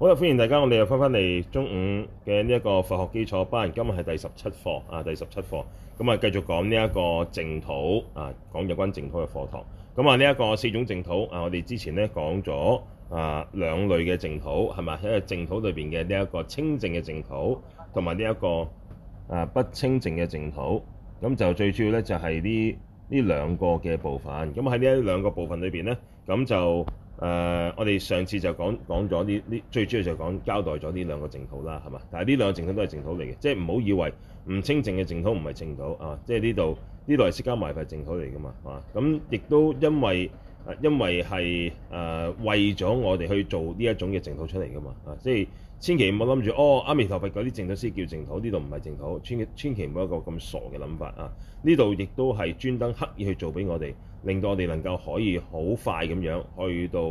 好啦，歡迎大家，我哋又翻返嚟中午嘅呢一個佛學基礎班，今日係第十七課啊，第十七課，咁啊繼續講呢一個淨土啊，講有關淨土嘅課堂。咁啊，呢一個四種淨土啊，我哋之前咧講咗啊兩類嘅淨土，係咪？因為淨土裏邊嘅呢一個清淨嘅淨土，同埋呢一個啊不清淨嘅淨土，咁就最主要咧就係呢呢兩個嘅部分。咁喺呢兩個部分裏邊咧，咁就。誒、呃，我哋上次就講講咗呢呢，最主要就講交代咗呢兩個淨土啦，係嘛？但係呢兩個淨土都係淨土嚟嘅，即係唔好以為唔清淨嘅淨土唔係淨土啊！即係呢度呢度係釋迦牟尼佛淨土嚟噶嘛？啊，咁亦都因為、啊、因為係誒、啊、為咗我哋去做呢一種嘅淨土出嚟噶嘛啊！即係千祈唔好諗住哦，阿彌陀佛嗰啲淨土先叫淨土，呢度唔係淨土，千千祈唔好一個咁傻嘅諗法啊！呢度亦都係專登刻意去做俾我哋。令到我哋能夠可以好快咁樣去到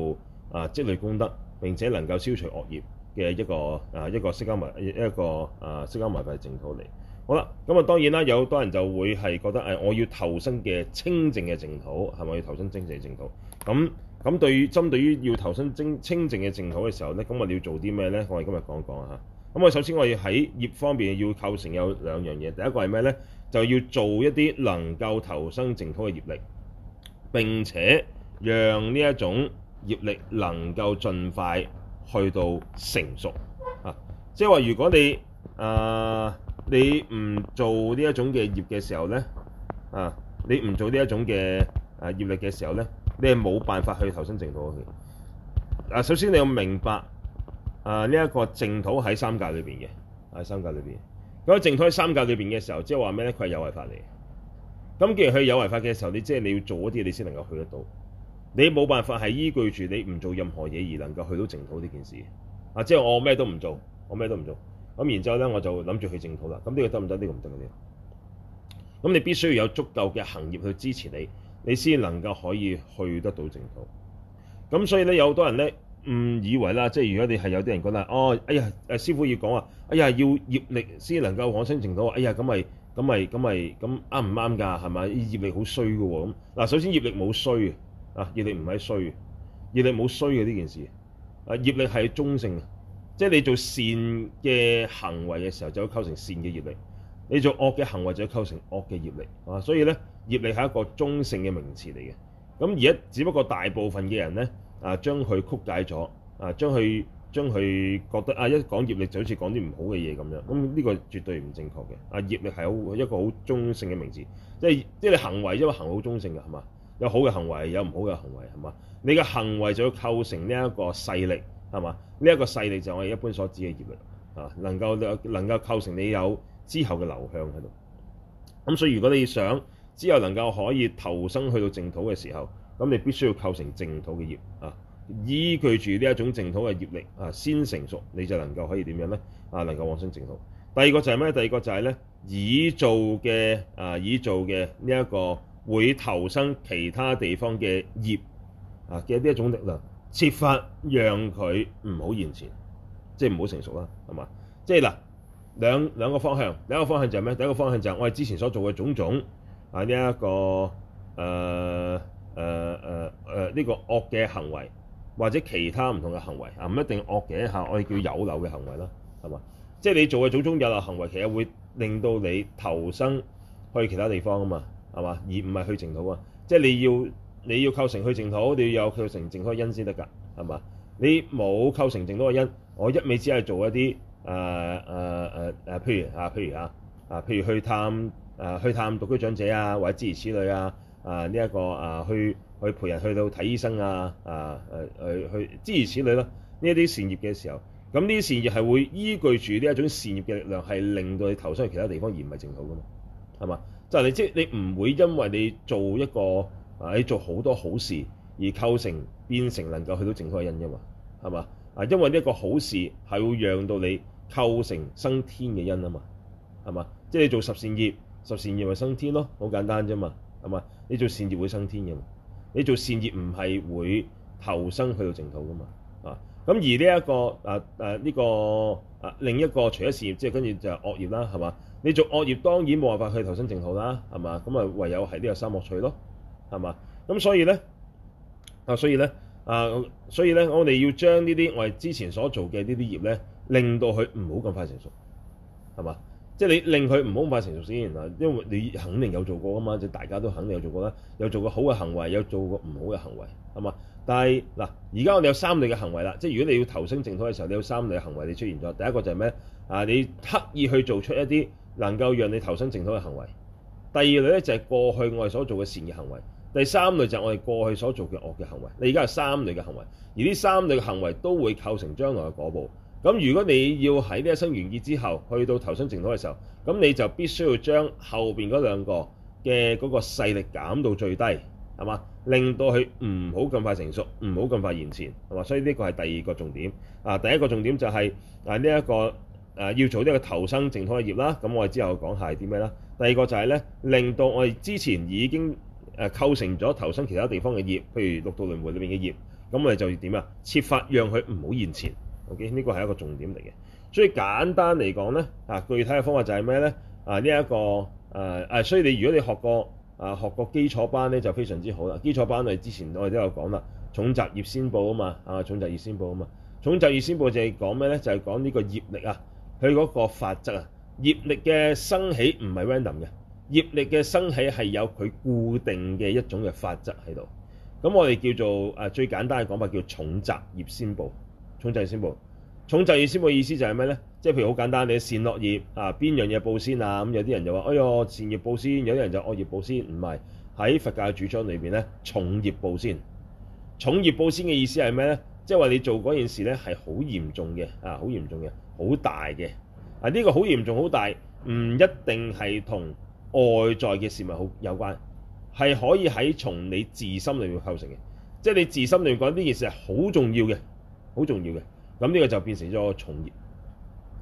啊，積累功德，並且能夠消除惡業嘅一個啊一個釋迦牟一個啊釋迦牟佛嘅淨土嚟。好啦，咁啊當然啦，有好多人就會係覺得誒，我要投身嘅清淨嘅淨土係咪要投生清淨嘅淨土？咁咁對於針對要投身清淨嘅淨對對要投身清淨嘅淨土嘅時候咧，咁我哋要做啲咩咧？我哋今日講一講吓。咁我首先我要喺業方面要構成有兩樣嘢，第一個係咩咧？就要做一啲能夠投身淨土嘅業力。並且讓呢一種業力能夠盡快去到成熟啊！即係話如果你啊你唔做呢一種嘅業嘅時候咧啊，你唔做呢一種嘅啊業力嘅時候咧，啊，你係冇辦法去投身淨土嘅。啊，首先你要明白啊，呢、這、一個淨土喺三界裏邊嘅，喺三界裏邊。如果淨土喺三界裏邊嘅時候，即係話咩咧？佢係有為法嚟。咁既然佢有違法嘅時候，你即係你要做一啲嘢，你先能夠去得到。你冇辦法係依據住你唔做任何嘢而能夠去到淨土呢件事。啊，即係我咩都唔做，我咩都唔做，咁然之後咧我就諗住去淨土啦。咁呢個得唔得？呢、呢個唔得嘅。咁你必須要有足夠嘅行業去支持你，你先能夠可以去得到淨土。咁所以咧，有好多人咧，唔以為啦，即係如果你係有啲人覺得，哦，哎呀，誒師傅要講啊。哎呀，要業力先能夠申請到：「哎呀咁咪咁咪咁咪咁啱唔啱㗎？係咪業力好衰嘅喎？咁嗱，首先業力冇衰嘅，啊業力唔係衰嘅，業力冇衰嘅呢件事，啊業力係中性嘅，即係你做善嘅行為嘅時候就會構成善嘅業力，你做惡嘅行為就會構成惡嘅業力，啊所以咧業力係一個中性嘅名詞嚟嘅，咁而家，只不過大部分嘅人咧啊將佢曲解咗，啊將佢，將佢覺得啊，一講業力就好似講啲唔好嘅嘢咁樣，咁呢個絕對唔正確嘅。啊，業力係好一個好中性嘅名字，即係即係你行為，因為行為好中性嘅，係嘛？有好嘅行為，有唔好嘅行為，係嘛？你嘅行為就要構成呢一個勢力，係嘛？呢一個勢力就係我一般所指嘅業力啊，能夠能夠構成你有之後嘅流向喺度。咁所以如果你想之後能夠可以投生去到淨土嘅時候，咁你必須要構成淨土嘅業啊。依據住呢一種淨土嘅業力啊，先成熟你就能夠可以點樣咧？啊，能夠往生淨土。第二個就係咩？第二個就係咧，已做嘅啊，已做嘅呢一個會投生其他地方嘅業啊嘅呢一種力量，設法讓佢唔好現前，即係唔好成熟啦，係嘛？即係嗱，兩兩個方向，兩個方向就係咩？第一個方向就係我哋之前所做嘅種種啊，呢一個誒誒誒誒呢個惡嘅行為。或者其他唔同嘅行為啊，唔一定惡嘅，吓，我哋叫有漏嘅行為啦，係嘛？即係你做嘅種種有漏行為，其實會令到你投生去其他地方啊嘛，係嘛？而唔係去淨土啊，即係你要你要構成去淨土，你要有構成淨土嘅因先得㗎，係嘛？你冇構成淨土嘅因，我一味只係做一啲誒誒誒誒，譬如啊，譬如啊啊，譬如去探誒去探獨居長者啊，或者諸如此類啊啊呢一個啊去。去陪人去到睇醫生啊！啊誒誒去之如此類咯。呢一啲善業嘅時候，咁呢啲善業係會依據住呢一種善業嘅力量，係令到你投身去其他地方而唔係淨土噶嘛？係嘛？就係、是、你知你唔會因為你做一個啊，你做好多好事而構成變成能夠去到淨土嘅因啫嘛？係嘛？啊，因為呢一個好事係會讓到你構成生天嘅因啊嘛？係嘛？即、就、係、是、你做十善業，十善業咪生天咯？好簡單啫嘛？係嘛？你做善業會生天嘅。你做善業唔係會投生去到淨土㗎嘛啊？咁而呢、呢、一個啊呢、啊呢個啊另一個除咗善業之後，跟住就惡業啦，係嘛？你做惡業當然冇辦法去投生淨土啦，係嘛？咁啊唯有喺呢個三惡趣咯，係嘛？咁所以咧啊，所以咧啊，所以咧，我哋要將呢啲我哋之前所做嘅呢啲業咧，令到佢唔好咁快成熟，係嘛？即係你令佢唔好咁快成熟先嗱，因為你肯定有做過啊嘛，即大家都肯定有做過啦，有做過好嘅行為，有做過唔好嘅行為，係嘛？但係嗱，而家我哋有三類嘅行為啦，即係如果你要投生淨土嘅時候，你有三類行為你出現咗。第一個就係咩啊，你刻意去做出一啲能夠讓你投生淨土嘅行為。第二類咧就係過去我哋所做嘅善嘅行為。第三類就係我哋過去所做嘅惡嘅行為。你而家有三類嘅行為，而呢三類嘅行為都會構成將來嘅果報。咁如果你要喺呢一生完結之後，去到投生淨土嘅時候，咁你就必須要將後面嗰兩個嘅嗰個勢力減到最低，係嘛？令到佢唔好咁快成熟，唔好咁快現前，係嘛？所以呢個係第二個重點。啊，第一個重點就係啊呢一個誒要做呢個投生淨土嘅業啦。咁我哋之後講下係啲咩啦？第二個就係咧，令到我哋之前已經誒構成咗投生其他地方嘅業，譬如六道輪迴裏邊嘅業，咁我哋就要點啊？設法讓佢唔好現前。OK，呢個係一個重點嚟嘅，所以簡單嚟講咧，啊，具體嘅方法就係咩咧？啊，呢一個誒誒，所以你如果你學過啊學過基礎班咧，就非常之好啦。基礎班我哋之前我哋都有講啦，重習業先報啊嘛，啊，重習業先報啊嘛，重習業先報就係講咩咧？就係講呢個業力啊，佢嗰個法則啊，業力嘅生起唔係 random 嘅，業力嘅生起係有佢固定嘅一種嘅法則喺度。咁我哋叫做誒、啊、最簡單嘅講法叫重習業先報。重業先報，重業先報嘅意思就係咩咧？即係譬如好簡單，你善惡業啊，邊樣嘢報先啊？咁，嗯，有啲人就話：哎呦善業報先，有啲人就惡業報先。唔係喺佛教主張裏邊咧，重業報先。重業報先嘅意思係咩咧？即係話你做嗰件事咧係好嚴重嘅，啊好嚴重嘅，好大嘅。啊呢個好嚴重好大，唔一定係同外在嘅事物好有關，係可以喺從你自心裏面構成嘅。即係你自心裏面講呢件事係好重要嘅。好重要嘅咁呢個就變成咗重業。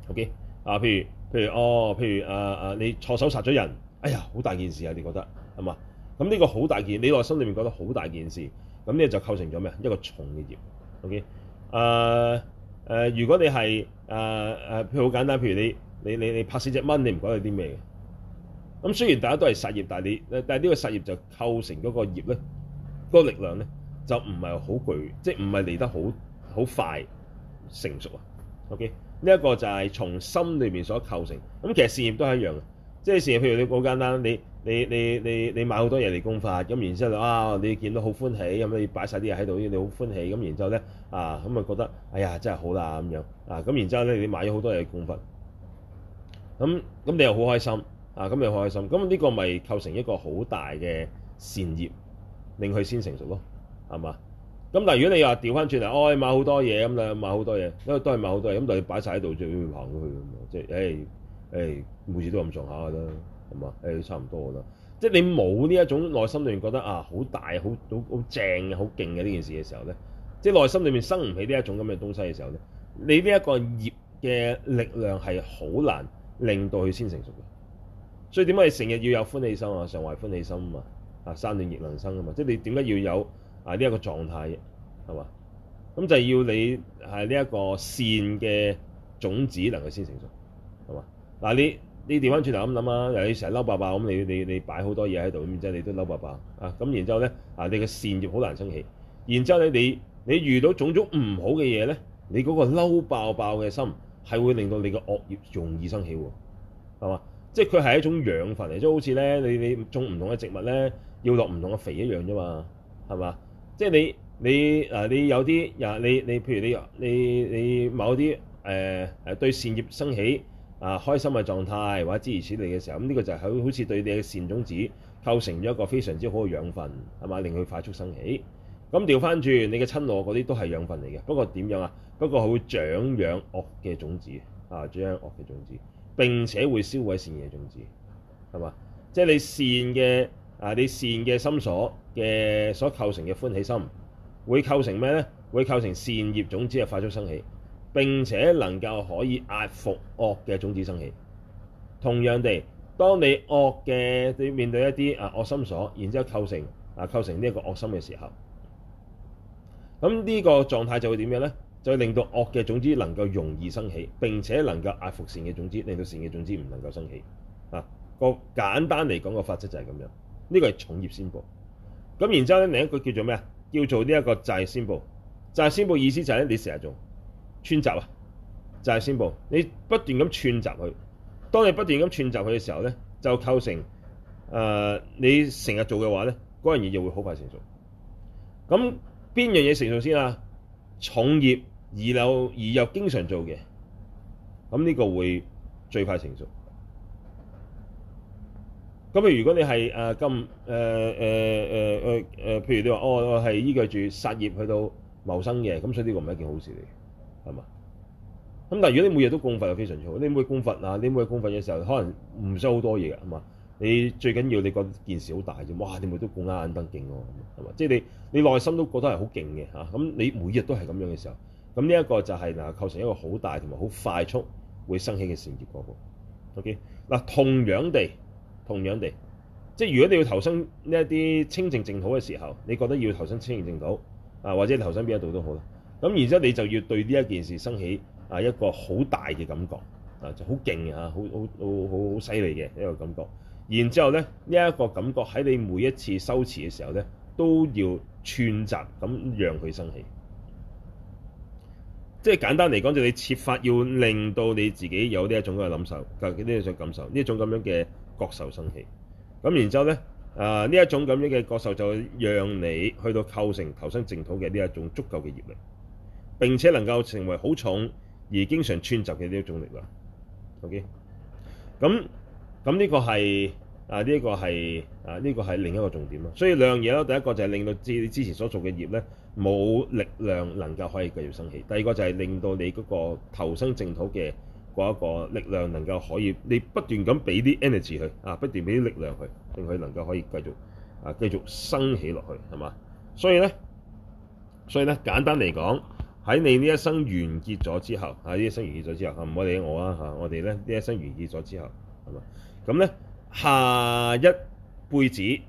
OK 啊，譬如譬如哦，譬如、啊啊、你錯手殺咗人，哎呀，好大件事啊！你覺得係嘛？咁呢個好大件，你內心裏面覺得好大件事，咁呢就構成咗咩？一個重嘅業。O K，誒誒，如果你係誒誒，好、啊啊、簡單，譬如你你你你拍死隻蚊，你唔覺得有啲咩嘅？咁雖然大家都係殺業，但係你但係呢個殺業就構成嗰個業咧，嗰個力量咧就唔係好巨，即係唔係嚟得好。好快成熟啊！OK，呢一個就係從心裏面所構成。咁其實善業都係一樣嘅，即係善業。譬如你好簡單，你你你你你買好多嘢嚟供佛，咁然之後啊，你見到好歡喜，咁你擺晒啲嘢喺度，你好歡喜，咁然之後咧啊，咁啊覺得哎呀真係好啦咁樣啊，咁然之後咧你買咗好多嘢供佛，咁咁你又好開心啊，咁你好開心，咁、啊、呢個咪構成一個好大嘅善業，令佢先成熟咯，係嘛？咁但如果你又話調翻轉嚟，哦買好多嘢，咁你買好多嘢，因為都係買好多嘢，咁但係擺晒喺度，就要行去咁啊、即係哎哎哎！即係，每次都咁上下噶啦，係嘛？誒，差唔多噶啦。即係你冇呢一種內心裏面覺得啊，好大、好好好正、好勁嘅呢件事嘅時候咧，即係內心裏面生唔起呢一種咁嘅東西嘅時候咧，你呢一個業嘅力量係好難令到佢先成熟嘅。所以點解你成日要有歡喜心啊？常懷歡喜心啊嘛！啊，山暖亦能生啊嘛！即係你點解要有？嗱呢一個狀態，係嘛？咁就係要你係呢一個善嘅種子，能夠先成熟，係嘛？嗱你你調翻轉頭咁諗啊，又你成日嬲爆爆咁，你你你擺好多嘢喺度咁，即係你都嬲爆爆啊！咁然之後咧，啊你嘅善業好難生起。然之後咧，你你遇到種種唔好嘅嘢咧，你嗰個嬲爆爆嘅心係會令到你嘅惡業容易生起喎，係嘛？即係佢係一種養分嚟，即係好似咧你你種唔同嘅植物咧，要落唔同嘅肥一樣啫嘛，係嘛？即係你你你有啲你你譬如你你你，你某啲誒誒對善業生起啊、呃、開心嘅狀態或者支持你嘅時候，咁、這、呢個就係好似對你嘅善種子構成咗一個非常之好嘅養分係嘛，令佢快速生起。咁調翻轉你嘅親我嗰啲都係養分嚟嘅，不過點樣啊？不過佢會長養惡嘅種子啊，長養惡嘅種子，並且會燒毀善嘅種子係嘛？即係你善嘅。啊！你善嘅心所嘅所構成嘅歡喜心，會構成咩呢？會構成善業種子嘅快速生起。並且能夠可以壓服惡嘅種子生起。同樣地，當你惡嘅對面對一啲啊惡心所，然之後構成啊構成呢一個惡心嘅時候，咁呢個狀態就會點樣呢？就會令到惡嘅種子能夠容易生起，並且能夠壓服善嘅種子，令到善嘅種子唔能夠生起。啊，個簡單嚟講個法則就係咁樣。呢個係重業先報，咁然之後咧另一個叫做咩啊？叫做呢一個債先報。債先報意思就係咧，你成日做串習啊，債先報你不斷咁串習佢。當你不斷咁串習佢嘅時候咧，就構成誒、呃、你成日做嘅話咧，嗰樣嘢就會好快成熟。咁邊樣嘢成熟先啊？重業而又而又經常做嘅，咁呢個會最快成熟。咁如果你係誒今誒誒誒誒誒，譬、呃呃呃呃呃呃、如你話哦，我係依據住殺業去到謀生嘅，咁所以呢個唔係一件好事嚟嘅，係嘛？咁但係如果你每日都供佛就非常之好。你每日供佛啊，你每日供佛嘅時候，可能唔收好多嘢嘅，係嘛？你最緊要你覺得件事好大啫，哇！你每日都供啱啱登勁喎，係嘛？即係、就是、你你內心都覺得係好勁嘅嚇。咁、啊、你每日都係咁樣嘅時候，咁呢一個就係嗱構成一個好大同埋好快速會生起嘅善業過步。O K，嗱同樣地。同樣地，即係如果你要投身呢一啲清淨淨土嘅時候，你覺得要投身清淨淨土啊，或者投身邊一度都好啦。咁然之後，你就要對呢一件事生起啊一個好大嘅感覺啊，就好勁啊，好好好好好犀利嘅一個感覺。然之後咧，呢、這、一個感覺喺你每一次修持嘅時候咧，都要串集咁讓佢生起。即係簡單嚟講，就是、你設法要令到你自己有呢一種嘅感受，究竟呢種感受呢一種咁樣嘅覺受生起，咁然之後咧，啊呢一種咁樣嘅覺受就讓你去到構成投生淨土嘅呢一種足夠嘅業力，並且能夠成為好重而經常串習嘅呢一種力量。OK，咁咁呢個係啊呢個係啊呢個係另一個重點咯。所以兩樣嘢咯，第一個就係令到支你之前所做嘅業咧冇力量能夠可以繼續生起，第二個就係令到你嗰個投生淨土嘅。個一個力量能夠可以，你不斷咁俾啲 energy 佢啊，不斷俾啲力量佢，令佢能夠可以繼續啊，繼續升起落去係嘛？所以咧，所以咧，簡單嚟講喺你呢一生完結咗之後，啊，呢一生完結咗之後，唔好理我啦、啊、嚇。我哋咧呢一生完結咗之後係嘛？咁咧下一輩子，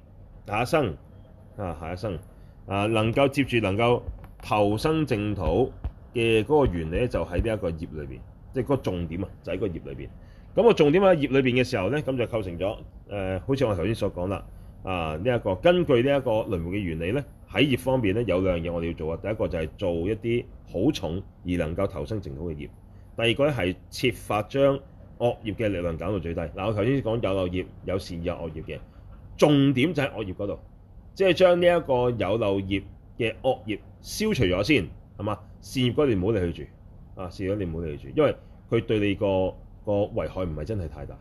下一生啊，下一生啊，能夠接住能夠投生淨土嘅嗰個原理咧，就喺呢一個業裏邊。即係個重點啊，就喺個業裏邊。咁、那個重點喺業裏邊嘅時候咧，咁就構成咗誒、呃，好似我頭先所講啦。啊，呢、這、一個根據呢一個輪迴嘅原理咧，喺業方面咧有兩樣嘢我哋要做啊。第一個就係做一啲好重而能夠投生淨土嘅業。第二個咧係設法將惡業嘅力量減到最低。嗱、啊，我頭先講有漏業有善有惡業嘅，重點就喺惡業嗰度，即係將呢一個有漏業嘅惡業消除咗先，係嘛？善業嗰段唔好你去住啊，善業嗰段唔好理佢住，因為佢對你個個危害唔係真係太大，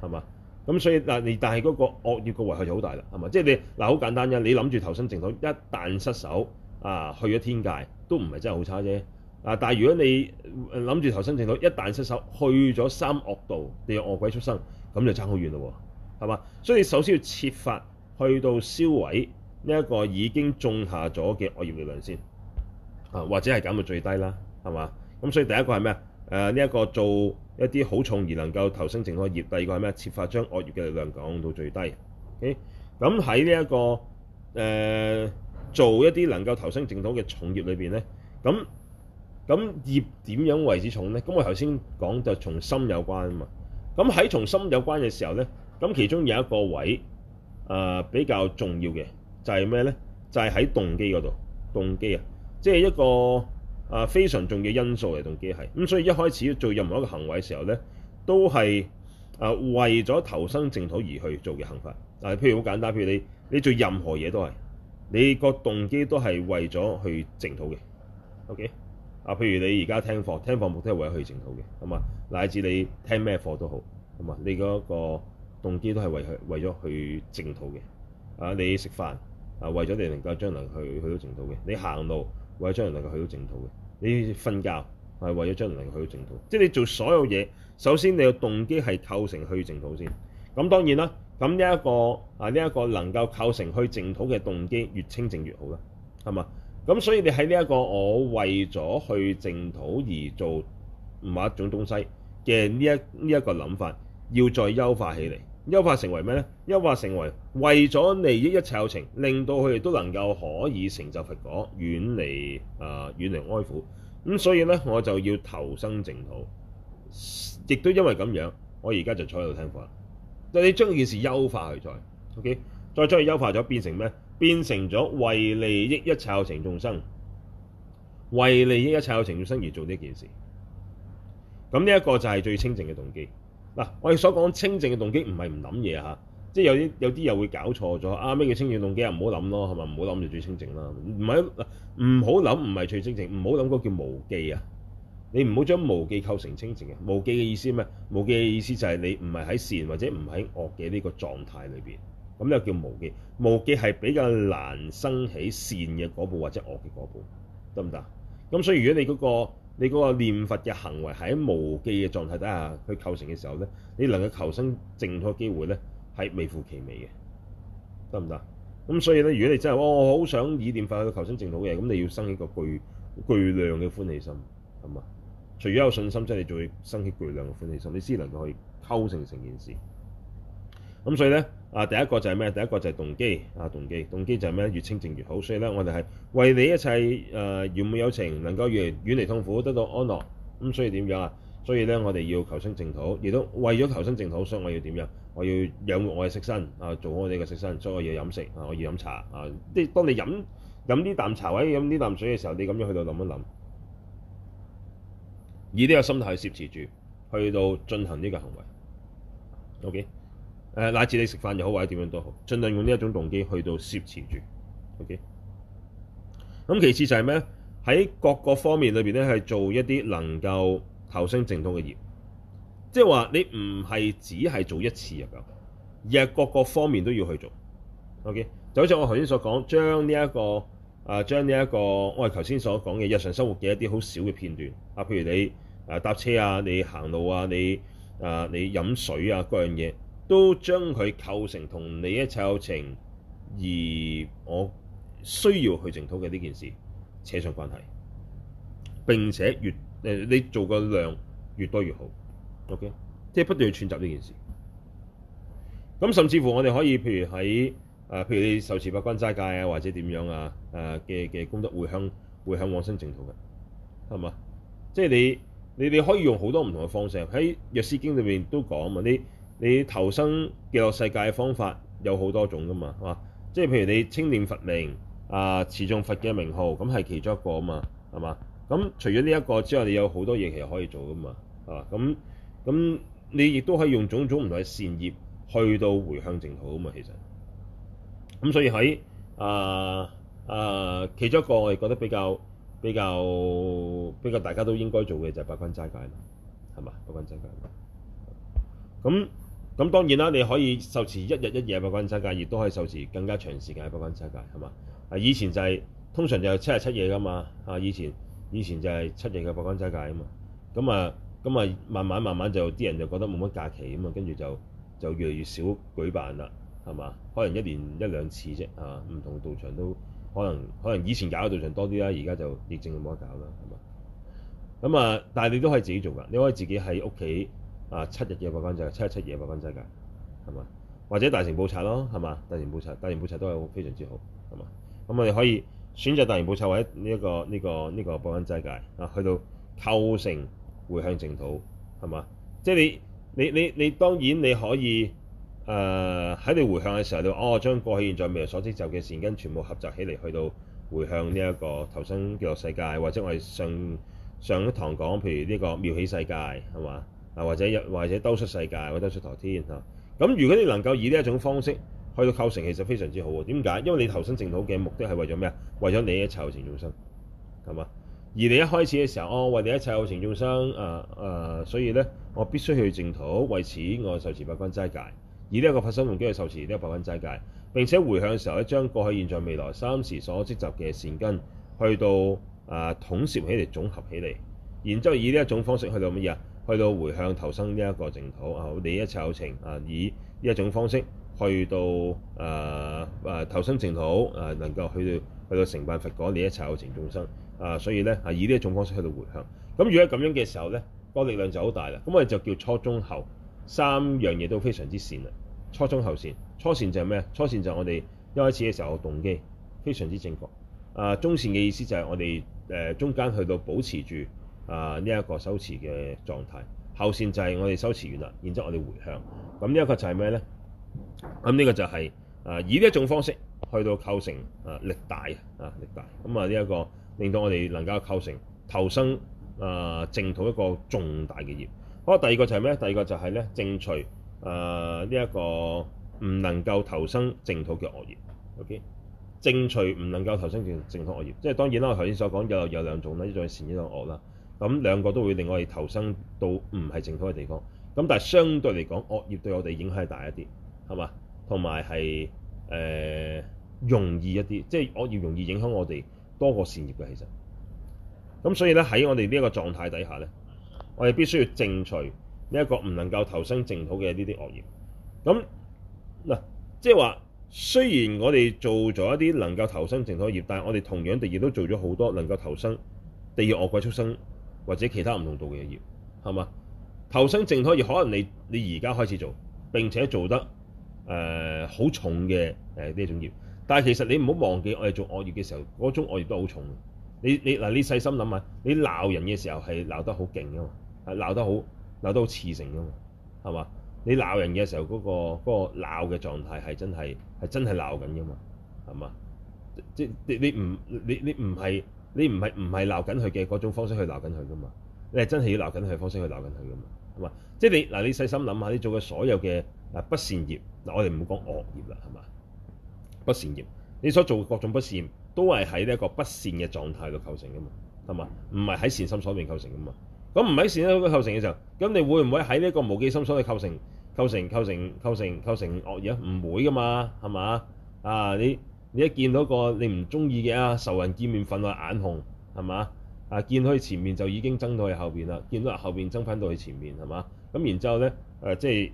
係嘛？咁所以嗱，你但係嗰個惡業個危害就好大啦，係嘛？即係你嗱，好簡單啫。你諗住投生淨土，一旦失手啊，去咗天界都唔係真係好差啫。啊，但係如果你諗住投生淨土，一旦失手去咗三惡道，你有惡鬼出生，咁就差好遠咯，係嘛？所以你首先要設法去到燒毀呢一個已經種下咗嘅惡業力量先，啊，或者係減到最低啦，係嘛？咁所以第一個係咩啊？誒呢一個做一啲好重而能夠投生淨土業，第二個係咩？設法將惡業嘅力量降到最低。OK，咁喺呢一個誒、呃、做一啲能夠投生淨土嘅重業裏邊咧，咁咁業點樣為之重咧？咁我頭先講就從心有關啊嘛。咁喺從心有關嘅時候咧，咁其中有一個位啊、呃、比較重要嘅就係咩咧？就係、是、喺、就是、動機嗰度，動機啊，即係一個。啊，非常重要因素嚟動機係，咁所以一開始做任何一個行為嘅時候咧，都係啊為咗投生淨土而去做嘅行為。啊，譬如好簡單，譬如你你做任何嘢都係，你個動機都係為咗去淨土嘅。OK？啊，譬如你而家聽課，聽課目的係為咗去淨土嘅，係嘛？乃至你聽咩課都好，係嘛？你嗰個動機都係為去為咗去淨土嘅。啊，你食飯啊，為咗你能夠將來去去到淨土嘅。你行路。為咗將來能夠去到淨土嘅，你瞓覺係為咗將來能夠去到淨土，即係你做所有嘢，首先你嘅動機係構成去淨土先。咁當然啦，咁呢一個啊呢一個能夠構成去淨土嘅動機越清淨越好啦，係嘛？咁所以你喺呢一個我為咗去淨土而做某一種東西嘅呢一呢一個諗法，要再優化起嚟。優化成為咩咧？優化成為為咗利益一切有情，令到佢哋都能夠可以成就佛果，遠離啊遠離哀苦。咁、嗯、所以咧，我就要投生淨土，亦都因為咁樣，我而家就坐喺度聽課。但你將件事優化去再，OK，再將佢優化咗，變成咩？變成咗為利益一切有情眾生，為利益一切有情眾生而做呢一件事。咁呢一個就係最清淨嘅動機。嗱、啊，我哋所講清淨嘅動機唔係唔諗嘢嚇，即、啊、係有啲有啲又會搞錯咗。啊咩叫清淨動機啊？唔好諗咯，係咪？唔好諗住最清淨啦。唔係，唔好諗唔係最清淨，唔好諗嗰叫無記啊。你唔好將無記構成清淨嘅。無記嘅意思咩？無記嘅意思就係你唔係喺善或者唔喺惡嘅呢個狀態裏邊，咁又叫無記，無記係比較難生起善嘅嗰部或者惡嘅嗰部，得唔得？咁所以如果你嗰、那個你嗰個念佛嘅行為係喺無記嘅狀態底下，去構成嘅時候咧，你能夠求生淨土嘅機會咧，係微乎其微嘅，得唔得？咁所以咧，如果你真係，我我好想以念佛去求生淨土嘅，咁你要生起一個巨巨量嘅歡喜心，係嘛？除咗有信心，真係你仲要生起巨量嘅歡喜心，你先能夠去以構成成件事。咁所以咧。啊，第一個就係咩？第一個就係動機。啊，動機，動機就係咩？越清淨越好。所以咧，我哋係為你一切誒圓滿有情，能夠越遠離痛苦，得到安樂。咁所以點樣啊？所以咧，我哋要求生淨土，亦都為咗求生淨土，所以我要點樣？我要養活我嘅色身。啊，做好我哋嘅色身，所以我要飲食。啊，我要飲茶。啊，即係當你飲飲啲啖茶或者飲啲啖水嘅時候，你咁樣去到諗一諗，以呢個心態攝持住去到進行呢個行為。OK。誒，乃至你食飯又好，或者點樣都好，盡量用呢一種動機去到攝持住。O K. 咁其次就係咩，喺各個方面裏面，咧，係做一啲能夠投生淨土嘅業，即係話你唔係只係做一次嘅，而係各個方面都要去做。O、okay? K. 就好似我頭先所講，將呢一個啊，將呢一個我哋頭先所講嘅日常生活嘅一啲好少嘅片段啊，譬如你、啊、搭車啊，你行路啊，你啊你飲水啊，各樣嘢。都將佢構成同你一切有情而我需要去淨土嘅呢件事扯上關係，並且越誒、呃、你做嘅量越多越好，OK，即係不斷去串集呢件事。咁甚至乎我哋可以譬如喺誒、啊，譬如你受持八關齋戒啊，或者點樣啊，誒嘅嘅功德會向會向往生淨土嘅，係嘛？即、就、係、是、你你哋可以用好多唔同嘅方式喺《藥師經》裏面都講啊，你。你投生極樂世界嘅方法有好多種噶嘛，係嘛？即係譬如你稱念佛名，啊、呃、持誦佛嘅名號，咁係其中一個啊嘛，係嘛？咁除咗呢一個之外，你有好多嘢其實可以做噶嘛，係嘛？咁咁你亦都可以用種種唔同嘅善業去到回向淨土啊嘛，其實。咁所以喺啊啊其中一個我哋覺得比較比較比較大家都應該做嘅就係八關齋戒啦，係嘛？八關齋戒，咁。咁當然啦，你可以受持一日一夜嘅八關齋戒，亦都可以受持更加長時間嘅八關齋戒，係嘛？啊，以前就係通常就係七日七夜噶嘛，啊，以前以前就係七夜嘅八關齋戒啊嘛。咁啊，咁啊，慢慢慢慢就啲人就覺得冇乜假期啊嘛，跟住就就越嚟越少舉辦啦，係嘛？可能一年一兩次啫，啊，唔同道場都可能可能以前搞嘅道場多啲啦，而家就疫症冇得搞啦，係嘛？咁啊，但係你都可以自己做噶，你可以自己喺屋企。啊，七日嘅八關齋，七日七夜八關齋㗎，係嘛？或者大乘布薩咯，係嘛？大乘布薩，大乘布薩都係非常之好，係嘛？咁我哋可以選擇大乘布薩或者呢、這、一個呢、這個呢、這個八關齋戒，啊，去到構成回向淨土，係嘛？即係你你你你當然你可以誒喺、呃、你回向嘅時候，你哦將過去現在未來所積就嘅善根全部合集起嚟，去到回向呢一個投生極樂世界，或者我哋上上一堂講，譬如呢個妙喜世界，係嘛？啊，或者又或者兜率世界，或者兜率天嚇。咁、啊、如果你能夠以呢一種方式去到構成，其實非常之好喎，點解？因為你投生淨土嘅目的係為咗咩啊？為咗你一切有情眾生係嘛？而你一開始嘅時候，哦，我為你一切有情眾生啊，啊所以咧，我必須去淨土，為此我受持八關齋戒。而呢一個發心動機，我受持呢一個八關齋戒，並且回向嘅時候咧，將過去、現在、未來三時所積集嘅善根，去到啊統攝起嚟，總合起嚟，然之後以呢一種方式去到乜嘢啊？去到回向投生呢一個淨土啊，你一切有情啊，以呢一種方式去到啊啊投生淨土啊，能夠去到去到成辦佛果你一切有情眾生啊，所以咧啊以呢一種方式去到回向。咁、啊、如果咁樣嘅時候咧，個力量就好大啦。咁我哋就叫初中後三樣嘢都非常之善啊。初中後善，初善就係咩？初善就係我哋一開始嘅時候嘅動機非常之正確啊。中善嘅意思就係我哋誒、啊、中間去到保持住。啊！呢、這、一個修持嘅狀態，後線就係我哋修持完啦，然之後我哋回向咁呢一個就係咩咧？咁、嗯、呢、這個就係、是、啊，以呢一種方式去到構成啊力大啊力大咁啊呢一個令到我哋能夠構成投生啊淨土一個重大嘅業。好、嗯，第二個就係咩咧？第二個就係、是、咧淨除啊呢一、這個唔能夠投生淨土嘅惡業。OK，淨除唔能夠投生淨淨土惡業，即係當然啦。我頭先所講有有兩種啦，一種善，一種惡啦。咁兩個都會令我哋投生到唔係淨土嘅地方。咁但係相對嚟講，惡業對我哋影響係大一啲，係嘛？同埋係誒容易一啲，即係惡業容易影響我哋多過善業嘅其實。咁所以咧，喺我哋呢一個狀態底下咧，我哋必須要淨除呢一個唔能夠投生淨土嘅呢啲惡業。咁嗱，即係話雖然我哋做咗一啲能夠投生淨土嘅業，但係我哋同樣地亦都做咗好多能夠投生地獄、餓鬼、畜生。或者其他唔同道嘅業，係嘛？投生淨土業，可能你你而家開始做，並且做得誒好、呃、重嘅誒呢種業。但係其實你唔好忘記，我哋做惡業嘅時候，嗰種惡業都好重嘅。你你嗱，你細心諗下，你鬧人嘅時候係鬧得好勁嘅嘛，鬧得好鬧得好刺性嘅嘛，係嘛？你鬧人嘅時候嗰、嗰個嗰個鬧嘅狀態係真係係真係鬧緊嘅嘛，係嘛？即係你你唔你你唔係。你唔係唔係鬧緊佢嘅嗰種方式去鬧緊佢噶嘛？你係真係要鬧緊佢方式去鬧緊佢噶嘛？係嘛？即係你嗱，你細心諗下，你做嘅所有嘅嗱不善業嗱，我哋唔好講惡業啦，係嘛？不善業，你所做的各種不善都係喺呢一個不善嘅狀態度構成噶嘛？係嘛？唔係喺善心所面構成噶嘛？咁唔喺善心所構成嘅時候，咁你會唔會喺呢一個無記心所去構成構成構成構成構成惡業？唔會噶嘛？係嘛？啊，你。你一見到一個你唔中意嘅啊，仇人見面，分外眼紅，係嘛啊？見到佢前面就已經憎到佢後邊啦，見到後邊憎翻到佢前面係嘛？咁然之後咧誒、呃，即係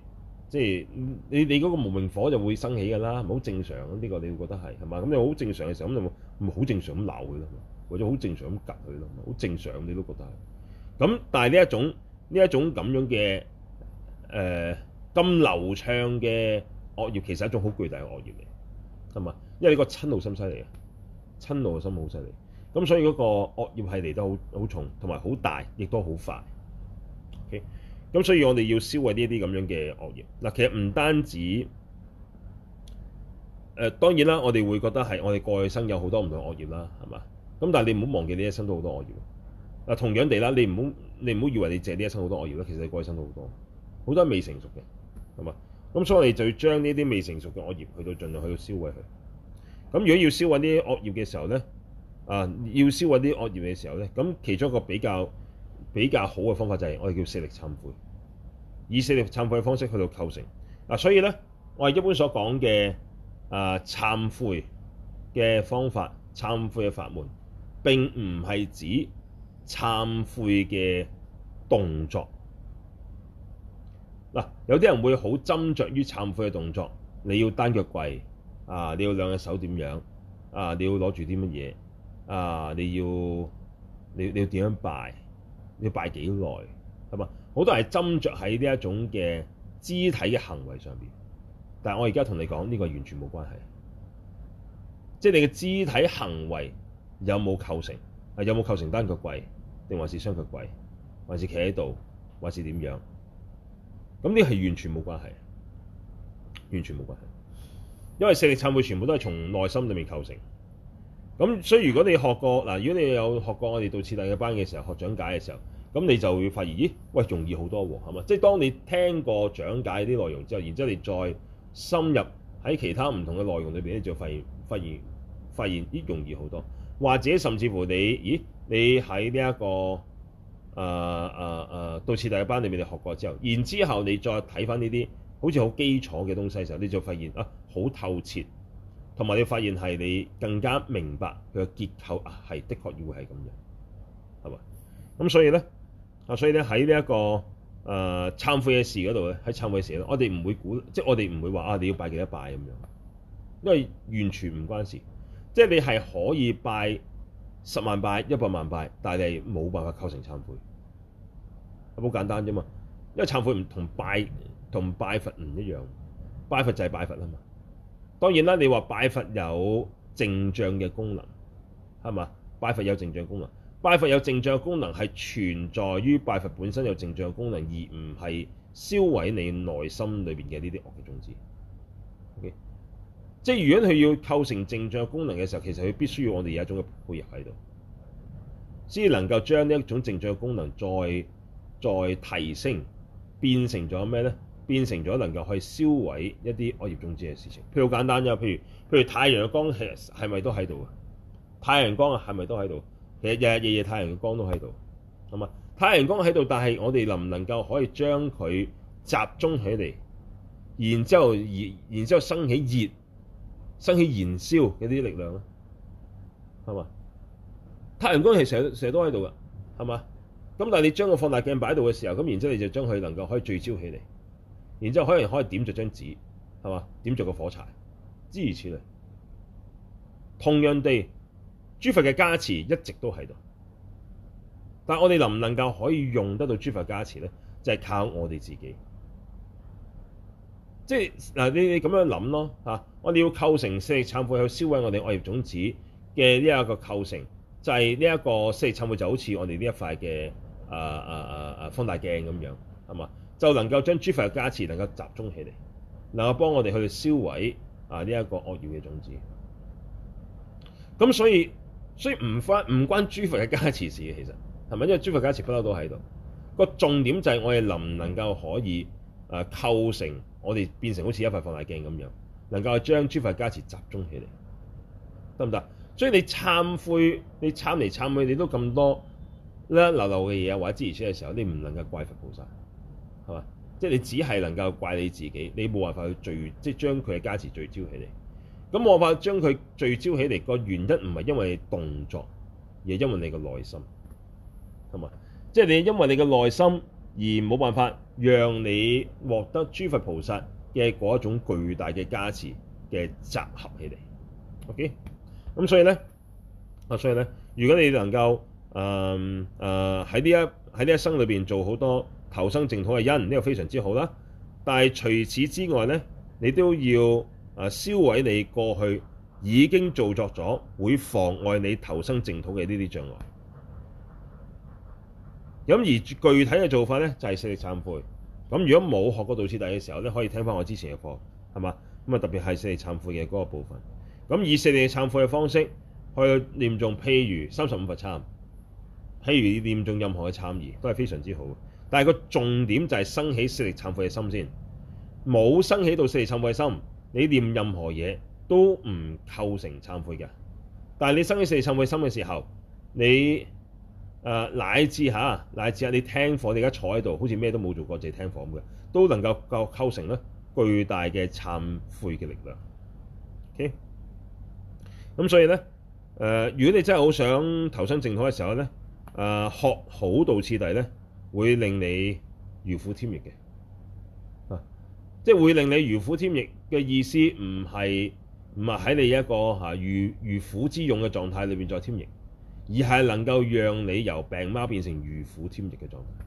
即係你你嗰個無名火就會升起㗎啦，咪好正常，啊。呢、這個你會覺得係係嘛？咁你好正常嘅時候咁就咪好正常咁鬧佢咯，或者好正常咁趌佢咯，好正常你都覺得係咁。但係呢一種呢一種咁樣嘅誒咁流暢嘅惡業，其實係一種好巨大嘅惡業嚟，係嘛？因為你個親怒心犀利呀，親怒嘅心好犀利，咁所以嗰個惡業係嚟得好好重，同埋好大，亦都好快。咁、okay? 所以我哋要消毀呢一啲咁樣嘅惡業嗱。其實唔單止誒、呃，當然啦，我哋會覺得係我哋過去生有好多唔同惡業啦，係嘛咁。但係你唔好忘記，呢一生都好多惡業嗱。同樣地啦，你唔好你唔好以為你借呢一生好多惡業啦，其實你過去生都好多好多未成熟嘅係嘛？咁所以我哋就要將呢啲未成熟嘅惡業去到，盡量去到消毀佢。咁如果要燒揾啲惡業嘅時候咧，啊，要燒揾啲惡業嘅時候咧，咁其中一個比較比較好嘅方法就係我哋叫四力懺悔，以四力懺悔嘅方式去到構成嗱、啊，所以咧，我哋一般所講嘅啊，懺悔嘅方法、懺悔嘅法門並唔係指懺悔嘅動作嗱、啊，有啲人會好斟酌於懺悔嘅動作，你要單腳跪。啊！你要兩隻手點樣？啊！你要攞住啲乜嘢？啊！你要你你要點樣拜？你要拜幾耐？係嘛？好多係斟酌喺呢一種嘅肢體嘅行為上邊。但係我而家同你講，呢個完全冇關係。即係你嘅肢體行為有冇構成係有冇構成單腳跪，定還是雙腳跪，還是企喺度，還是點樣？咁呢係完全冇關係，完全冇關係。因為四力懺悔全部都係從內心裡面構成，咁所以如果你學過嗱，如果你有學過我哋道次第嘅班嘅時候學講解嘅時候，咁你就會發現，咦，喂，容易好多喎、啊，係嘛？即係當你聽過講解啲內容之後，然之後你再深入喺其他唔同嘅內容裏邊咧，你就發現發現發現啲容易好多，或者甚至乎你，咦，你喺呢一個啊啊啊，道次第嘅班裏面你學過之後，然之後你再睇翻呢啲。好似好基礎嘅東西時候，你就發現啊，好透徹，同埋你發現係你更加明白佢嘅結構啊，係的，的確要會係咁樣。係嘛？咁所以咧啊，所以咧喺呢一個誒，懺悔嘅事嗰度咧，喺懺悔嘅事咧，就是、我哋唔會估，即係我哋唔會話啊，你要拜幾多拜咁樣，因為完全唔關事，即係你係可以拜十萬拜、一百萬拜，但係你冇辦法構成懺悔，好簡單啫嘛，因為懺悔唔同拜。同拜佛唔一樣，拜佛就係拜佛啦嘛。當然啦，你話拜佛有淨障嘅功能，係嘛？拜佛有淨障功能，拜佛有淨障嘅功能係存在於拜佛本身有淨障嘅功能，而唔係燒毀你內心裏邊嘅呢啲惡嘅種子。O.K. 即係如果佢要構成淨障功能嘅時候，其實佢必須要我哋有一種嘅配育喺度，先能夠將呢一種淨障嘅功能再再提升，變成咗咩咧？變成咗能夠去以燒毀一啲惡業種子嘅事情。譬如好簡單啫，譬如譬如太陽嘅光係係咪都喺度啊？太陽光係咪都喺度？其實日日夜夜太陽嘅光都喺度，係嘛？太陽光喺度，但係我哋能唔能夠可以將佢集中起嚟，然之後然然之後生起熱，生起燃燒嗰啲力量咧，係嘛？太陽光係成日都喺度㗎，係嘛？咁但係你將個放大鏡擺喺度嘅時候，咁然之後你就將佢能夠可以聚焦起嚟。然之後，可能可以點著張紙，係嘛？點著個火柴，諸如此類。同樣地，諸佛嘅加持一直都喺度，但係我哋能唔能夠可以用得到諸佛嘅加持咧？就係、是、靠我哋自己。即係嗱，你你咁樣諗咯嚇，我哋要構成四力懺悔去燒毀我哋惡業種子嘅呢一個構成，就係呢一個四力懺悔就好似我哋呢一塊嘅啊啊啊啊放大鏡咁樣，係嘛？就能夠將諸佛嘅加持能夠集中起嚟，能夠幫我哋去嚟燒毀啊呢一個惡業嘅種子。咁所以所以唔關唔關諸佛嘅加持事嘅，其實係咪？因為諸佛的加持不嬲都喺度。個重點就係我哋能唔能夠可以啊構成我哋變成好似一塊放大鏡咁樣，能夠將諸佛加持集中起嚟，得唔得？所以你懺悔，你懺嚟懺去，你都咁多流流嘅嘢或者之前嘅時候，你唔能夠怪佛菩薩。係嘛？即係你只係能夠怪你自己，你冇辦法去聚，即係將佢嘅加持聚焦起嚟。咁冇辦法將佢聚焦起嚟個原因，唔係因為你動作，而係因為你個內心，係嘛？即係你因為你個內心而冇辦法讓你獲得諸佛菩薩嘅嗰一種巨大嘅加持嘅集合起嚟。OK，咁所以咧，啊，所以咧，如果你能夠誒誒喺呢一喺呢一生裏邊做好多。投生淨土嘅因，呢個非常之好啦。但係除此之外咧，你都要啊，銷毀你過去已經做作咗會妨礙你投生淨土嘅呢啲障礙。咁而具體嘅做法咧，就係四力懺悔。咁如果冇學過道次第嘅時候咧，可以聽翻我之前嘅課係嘛？咁啊，特別係四力懺悔嘅嗰個部分。咁以四力懺悔嘅方式去念誦，中譬如三十五佛懺，譬如你念誦任何嘅懺儀都係非常之好。但係個重點就係生起四力懺悔嘅心先，冇生起到四力懺悔嘅心，你念任何嘢都唔構成懺悔嘅。但係你生起四力懺悔心嘅時候，你誒、呃、乃至下，乃至啊，你聽課，你而家坐喺度，好似咩都冇做過，就係聽課咁嘅，都能夠夠構成咧巨大嘅懺悔嘅力量。O K，咁所以咧誒、呃，如果你真係好想投生淨土嘅時候咧，誒、呃、學好道次第咧。會令你如虎添翼嘅，啊，即係會令你如虎添翼嘅意思唔係，唔係唔係喺你一個嚇、啊、如如虎之勇嘅狀態裏邊再添翼，而係能夠讓你由病貓變成如虎添翼嘅狀態。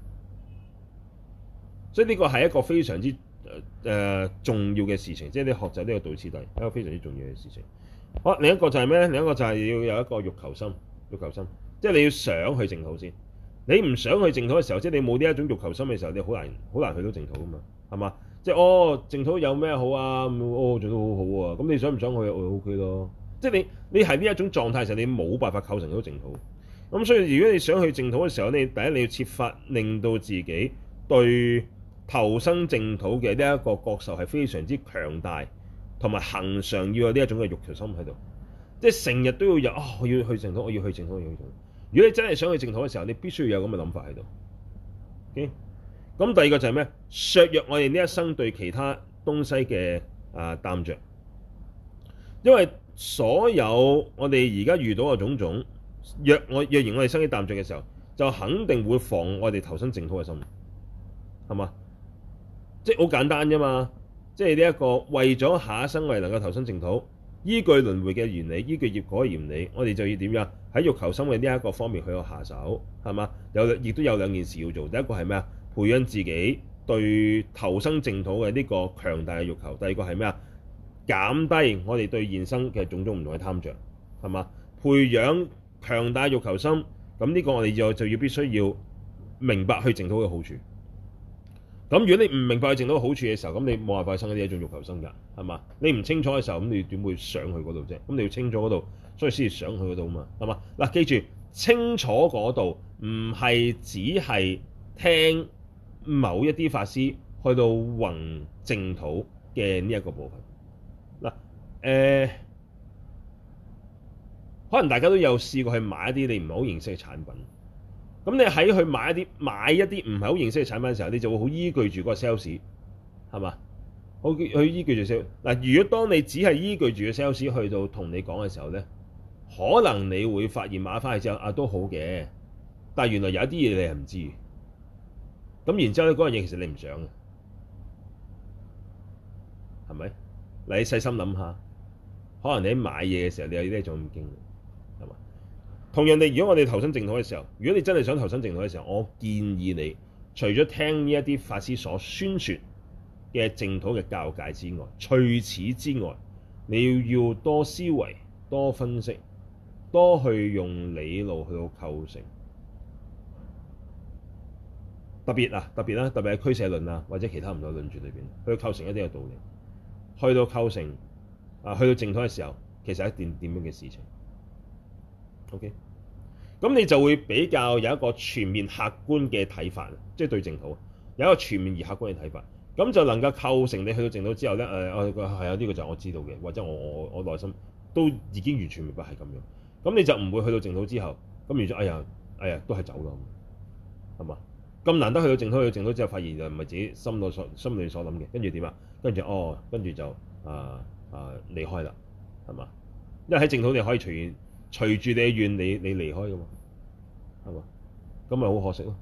所以呢個係一個非常之誒、呃呃、重要嘅事情，即係你學習呢個道次第一個非常之重要嘅事情。好，另一個就係咩咧？另一個就係要有一個欲求心，欲求心，即係你要想去淨土先。你唔想去淨土嘅時候，即係你冇呢一種欲求心嘅時候，你好難好難去到淨土噶嘛，係嘛？即係哦，淨土有咩好啊？哦，做到好好啊！咁你想唔想去？我 OK 咯。即係你你係呢一種狀態時候，你冇辦法構成到淨土。咁所以如果你想去淨土嘅時候，你第一你要設法令到自己對投生淨土嘅呢一個欲求係非常之強大，同埋恒常要有呢一種嘅欲求心喺度，即係成日都要有啊、哦！我要去淨土，我要去淨土，我要去淨土。如果你真係想去淨土嘅時候，你必須要有咁嘅諗法喺度。咁、okay? 第二個就係咩？削弱我哋呢一生對其他東西嘅啊耽著，因為所有我哋而家遇到嘅種種，若我若然我哋生起耽著嘅時候，就肯定會妨我哋投生淨土嘅心。係、就是、嘛？即係好簡單啫嘛！即係呢一個為咗下一生，為能夠投生淨土。依據輪迴嘅原理，依據業果嘅原理，我哋就要點樣喺欲求心嘅呢一個方面去下手，係嘛？有亦都有兩件事要做。第一個係咩啊？培養自己對投生淨土嘅呢個強大嘅欲求。第二個係咩啊？減低我哋對現生嘅種種唔同嘅貪著，係嘛？培養強大欲求心，咁呢個我哋就就要必須要，要明白去淨土嘅好處。咁如果你唔明白淨土嘅好處嘅時候，咁你冇辦法生嗰啲一種欲求心噶，係嘛？你唔清楚嘅時候，咁你點會上去嗰度啫？咁你要清楚嗰度，所以先至上去嗰度啊嘛，係嘛？嗱、啊，記住清楚嗰度，唔係只係聽某一啲法師去到弘淨土嘅呢一個部分。嗱、啊欸，可能大家都有試過去買一啲你唔係好認識嘅產品。咁你喺去買一啲買一啲唔係好認識嘅產品嘅時候，你就會好依據住嗰個 sales，係嘛？好去依據住 sales 嗱，如果當你只係依據住個 sales 去到同你講嘅時候咧，可能你會發現買翻去之後啊都好嘅，但係原來有啲嘢你係唔知，咁然之後咧嗰樣嘢其實你唔想嘅，係咪？你細心諗下，可能你喺買嘢嘅時候你有啲咩錯誤經歷同人哋，如果我哋投生淨土嘅時候，如果你真係想投生淨土嘅時候，我建議你除咗聽呢一啲法師所宣傳嘅淨土嘅教解之外，除此之外，你要多思維、多分析、多去用理路去到構成。特別嗱、啊，特別啦、啊，特別係、啊、俱舍論啊，或者其他唔同論著裏面去構成一啲嘅道理，去到構成啊，去到淨土嘅時候，其實係一件點樣嘅事情？O.K.，咁你就會比較有一個全面客觀嘅睇法，即、就、係、是、對淨土，啊，有一個全面而客觀嘅睇法，咁就能夠構成你去到淨土之後咧，係、呃、啊，呢、啊啊這個就我知道嘅，或者我我我內心都已經完全明白係咁樣，咁你就唔會去到淨土之後，咁然之哎呀，哎呀，都係走啦係嘛？咁難得去到淨土，去到淨土之後發現就唔係自己心內所心裡所諗嘅，跟住點啊？跟住哦，跟住就啊啊、呃呃、離開啦，係嘛？因為喺淨土你可以隨隨住你嘅願，你你離開噶嘛，係嘛？咁咪好可惜咯，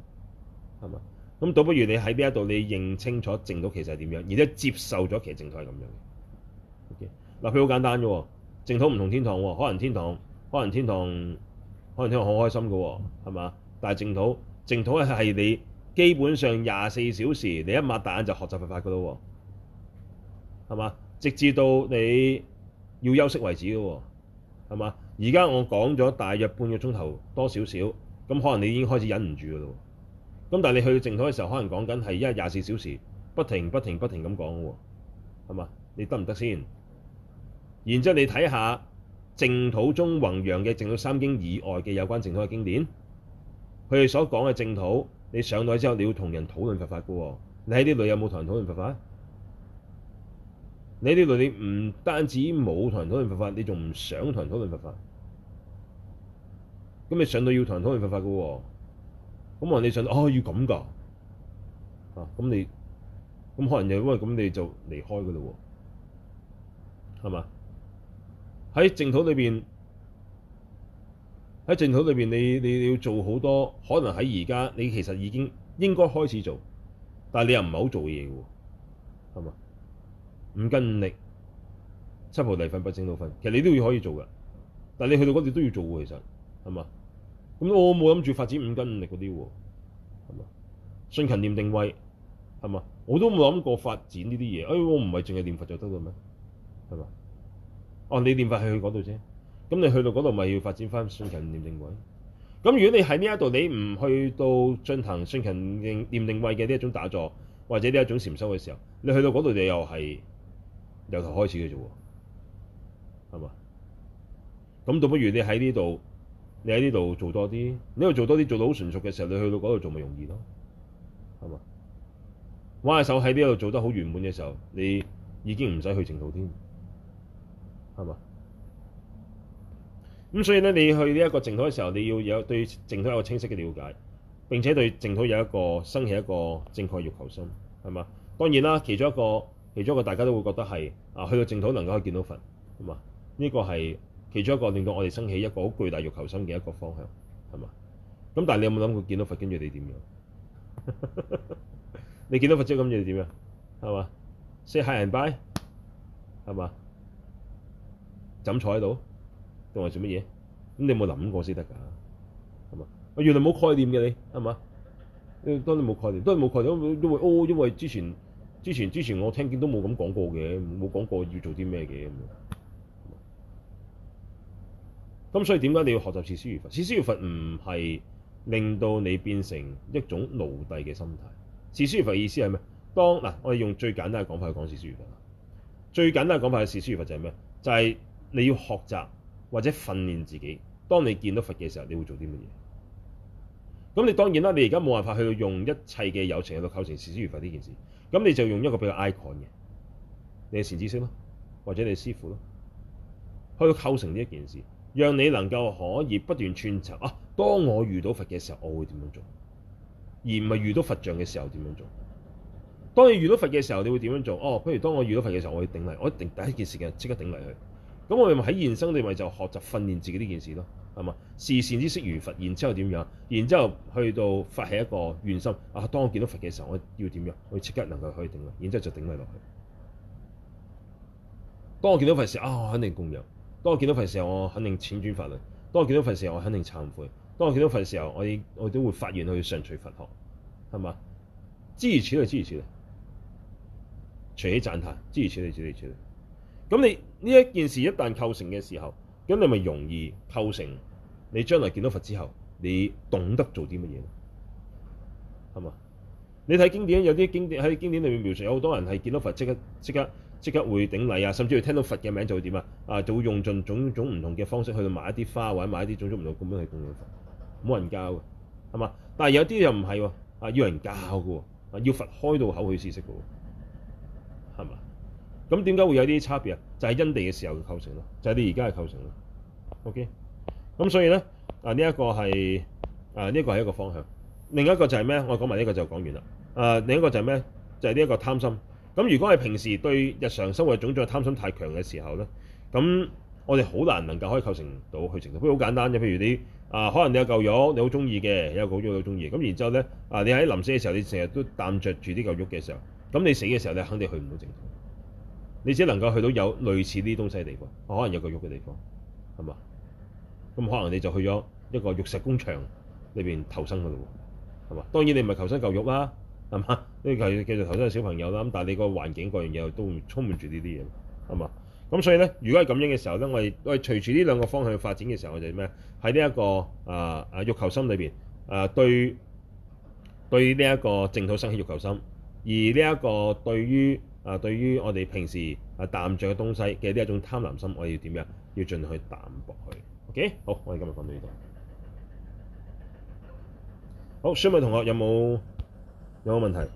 係嘛？咁倒不如你喺邊一度，你認清楚淨土其實係點樣，而且接受咗其實淨土係咁樣嘅。OK。嗱，佢好簡單噶喎，淨土唔同天堂喎，可能天堂，可能天堂，可能天堂好開心噶喎，係嘛？但係淨土，淨土係你基本上廿四小時，你一擘大眼就學習佛法噶咯，係嘛？直至到你要休息為止噶喎，係嘛？而家我講咗大約半個鐘頭多少少，咁可能你已經開始忍唔住噶啦。咁但係你去淨土嘅時候，可能講緊係一日廿四小時不停不停不停咁講喎，係嘛？你得唔得先？然之後你睇下淨土中弘揚嘅淨土三經以外嘅有關淨土嘅經典，佢哋所講嘅淨土，你上台之後你要同人討論佛法㗎喎。你喺呢度有冇同人討論佛法？你喺呢度你唔單止冇同人討論佛法，你仲唔想同人討論佛法？咁你上到要人同人討論佛法嘅喎、哦，咁可你上到哦要咁噶，啊咁你，咁可能又因為咁你就離開㗎嘞喎，係嘛？喺淨土裏面，喺淨土裏面你，你你要做好多，可能喺而家你其實已經應該開始做，但你又唔係好做嘅嘢嘅喎，係嘛？五根五力，七菩提分八正道分，其實你都要可以做㗎。但你去到嗰度都要做喎，其實，係嘛？咁我冇諗住發展五根五力嗰啲喎，係嘛？信勤念定慧，係嘛？我都冇諗過發展呢啲嘢。哎，我唔係淨係念佛就得到咩？係嘛？哦、啊，你念佛係去嗰度啫，咁你去到嗰度咪要發展翻信勤念定慧？咁如果你喺呢一度你唔去到進行信勤念定慧嘅呢一種打坐或者呢一種禪修嘅時候，你去到嗰度你又係由頭開始嘅啫喎，係嘛？咁倒不如你喺呢度。你喺呢度做多啲，呢度做多啲，做到好純熟嘅時候，你去到嗰度做咪容易咯，係嘛？歪手喺呢度做得好圓滿嘅時候，你已經唔使去淨土添，係嘛？咁所以咧，你去呢一個淨土嘅時候，你要有對淨土有個清晰嘅了解，並且對淨土有一個生起一個正確嘅欲求心，係嘛？當然啦，其中一個，其中一個大家都會覺得係啊，去到淨土能夠見到佛，係嘛？呢個係。其中一個令到我哋生起一個好巨大欲求心嘅一個方向，係嘛？咁但係你有冇諗過見到佛跟住你點樣？ 你見到佛之後咁，你點樣？係嘛？say hi and bye，係嘛？枕坐喺度，定係做乜嘢？咁你有冇諗過先得㗎？係嘛？我原來冇概念嘅你，係嘛？當你冇概念，當你冇概念，因為、哦、因為之前之前之前我聽見都冇咁講過嘅，冇講過要做啲咩嘅。咁所以點解你要學習視師如佛？視師如佛唔係令到你變成一種奴隸嘅心態。視師如佛嘅意思係咩？當、啊、嗱，我哋用最簡單嘅講法去講視師如佛啦。最簡單嘅講法係視師如佛就係咩？就係、是、你要學習或者訓練自己，當你見到佛嘅時候，你會做啲乜嘢？咁你當然啦，你而家冇辦法去用一切嘅友情去到構成視師如佛呢件事。咁你就用一個比較 icon 嘅你嘅善知識咯，或者你師傅咯，去到構成呢一件事。讓你能夠可以不斷串習啊！當我遇到佛嘅時候，我會點樣做？而唔係遇到佛像嘅時候點樣做？當你遇到佛嘅時候，你會點樣做？哦，不如當我遇到佛嘅時候，我會頂禮，我一定第一件事嘅即刻頂禮佢。咁我咪喺現生，我咪就學習訓練自己呢件事咯，係嘛？視善知識如佛，然之後點樣？然之後去到發起一個願心啊！當我見到佛嘅時候，我要點樣？我即刻能夠可以頂禮，然之後就頂禮落去。當我見到佛時候啊，我肯定供養。當我見到佛時候，我肯定請轉法輪；當我見到佛時候，我肯定懺悔；當我見到佛時候，我我都會發願去上取佛學，係嘛？諸如此類就諸如此類，隨喜讚嘆，諸如此類就諸如此類。咁你呢一件事一旦構成嘅時候，咁你咪容易構成你將來見到佛之後，你懂得做啲乜嘢？係嘛？你睇經典有啲經典喺經典裏面描述，有好多人係見到佛即刻即刻。即刻會頂禮啊，甚至乎聽到佛嘅名就會點啊？啊，就會用盡種種唔同嘅方式去買一啲花，或者買一啲種種唔同咁樣去供養佛。冇人教嘅，係嘛？但係有啲又唔係喎，啊要人教嘅喎，啊要佛開到口去施食嘅喎，係嘛？咁點解會有啲差別啊？就係因地嘅時候嘅構成咯，就係你而家嘅構成咯。OK，咁所以咧，啊呢一個係啊呢一個係一個方向。另一個就係咩？我講埋呢個就講完啦。啊另一個就係咩？就係呢一個貪心。咁如果係平時對日常生活種種貪心太強嘅時候咧，咁我哋好難能夠可以構成到去淨土。譬如好簡單嘅，譬如你啊，可能你有嚿玉，你好中意嘅，有嚿玉都中意。咁然之後咧，啊你喺臨死嘅時候，你成日都擔着住啲舊玉嘅時候，咁你死嘅時候，你肯定去唔到淨土。你只能夠去到有類似呢啲東西嘅地方，可能有嚿玉嘅地方，係嘛？咁可能你就去咗一個玉石工場裏面投生噶咯，係嘛？當然你唔係求生嚿玉啦。係嘛？呢個係繼續頭先嘅小朋友啦。咁但係你個環境各樣嘢都充滿住呢啲嘢，係嘛？咁所以咧，如果係咁樣嘅時候咧，我哋我哋隨住呢兩個方向發展嘅時候，我哋咩？喺呢一個啊啊慾求心裏邊，誒、呃、對對呢一個淨土生起慾求心，而呢一個對於啊、呃、對於我哋平時啊耽著嘅東西嘅呢一種貪婪心，我哋要點樣？要盡去淡薄佢。OK，好，我哋今日講到呢度。好，小美同學有冇？有冇問題？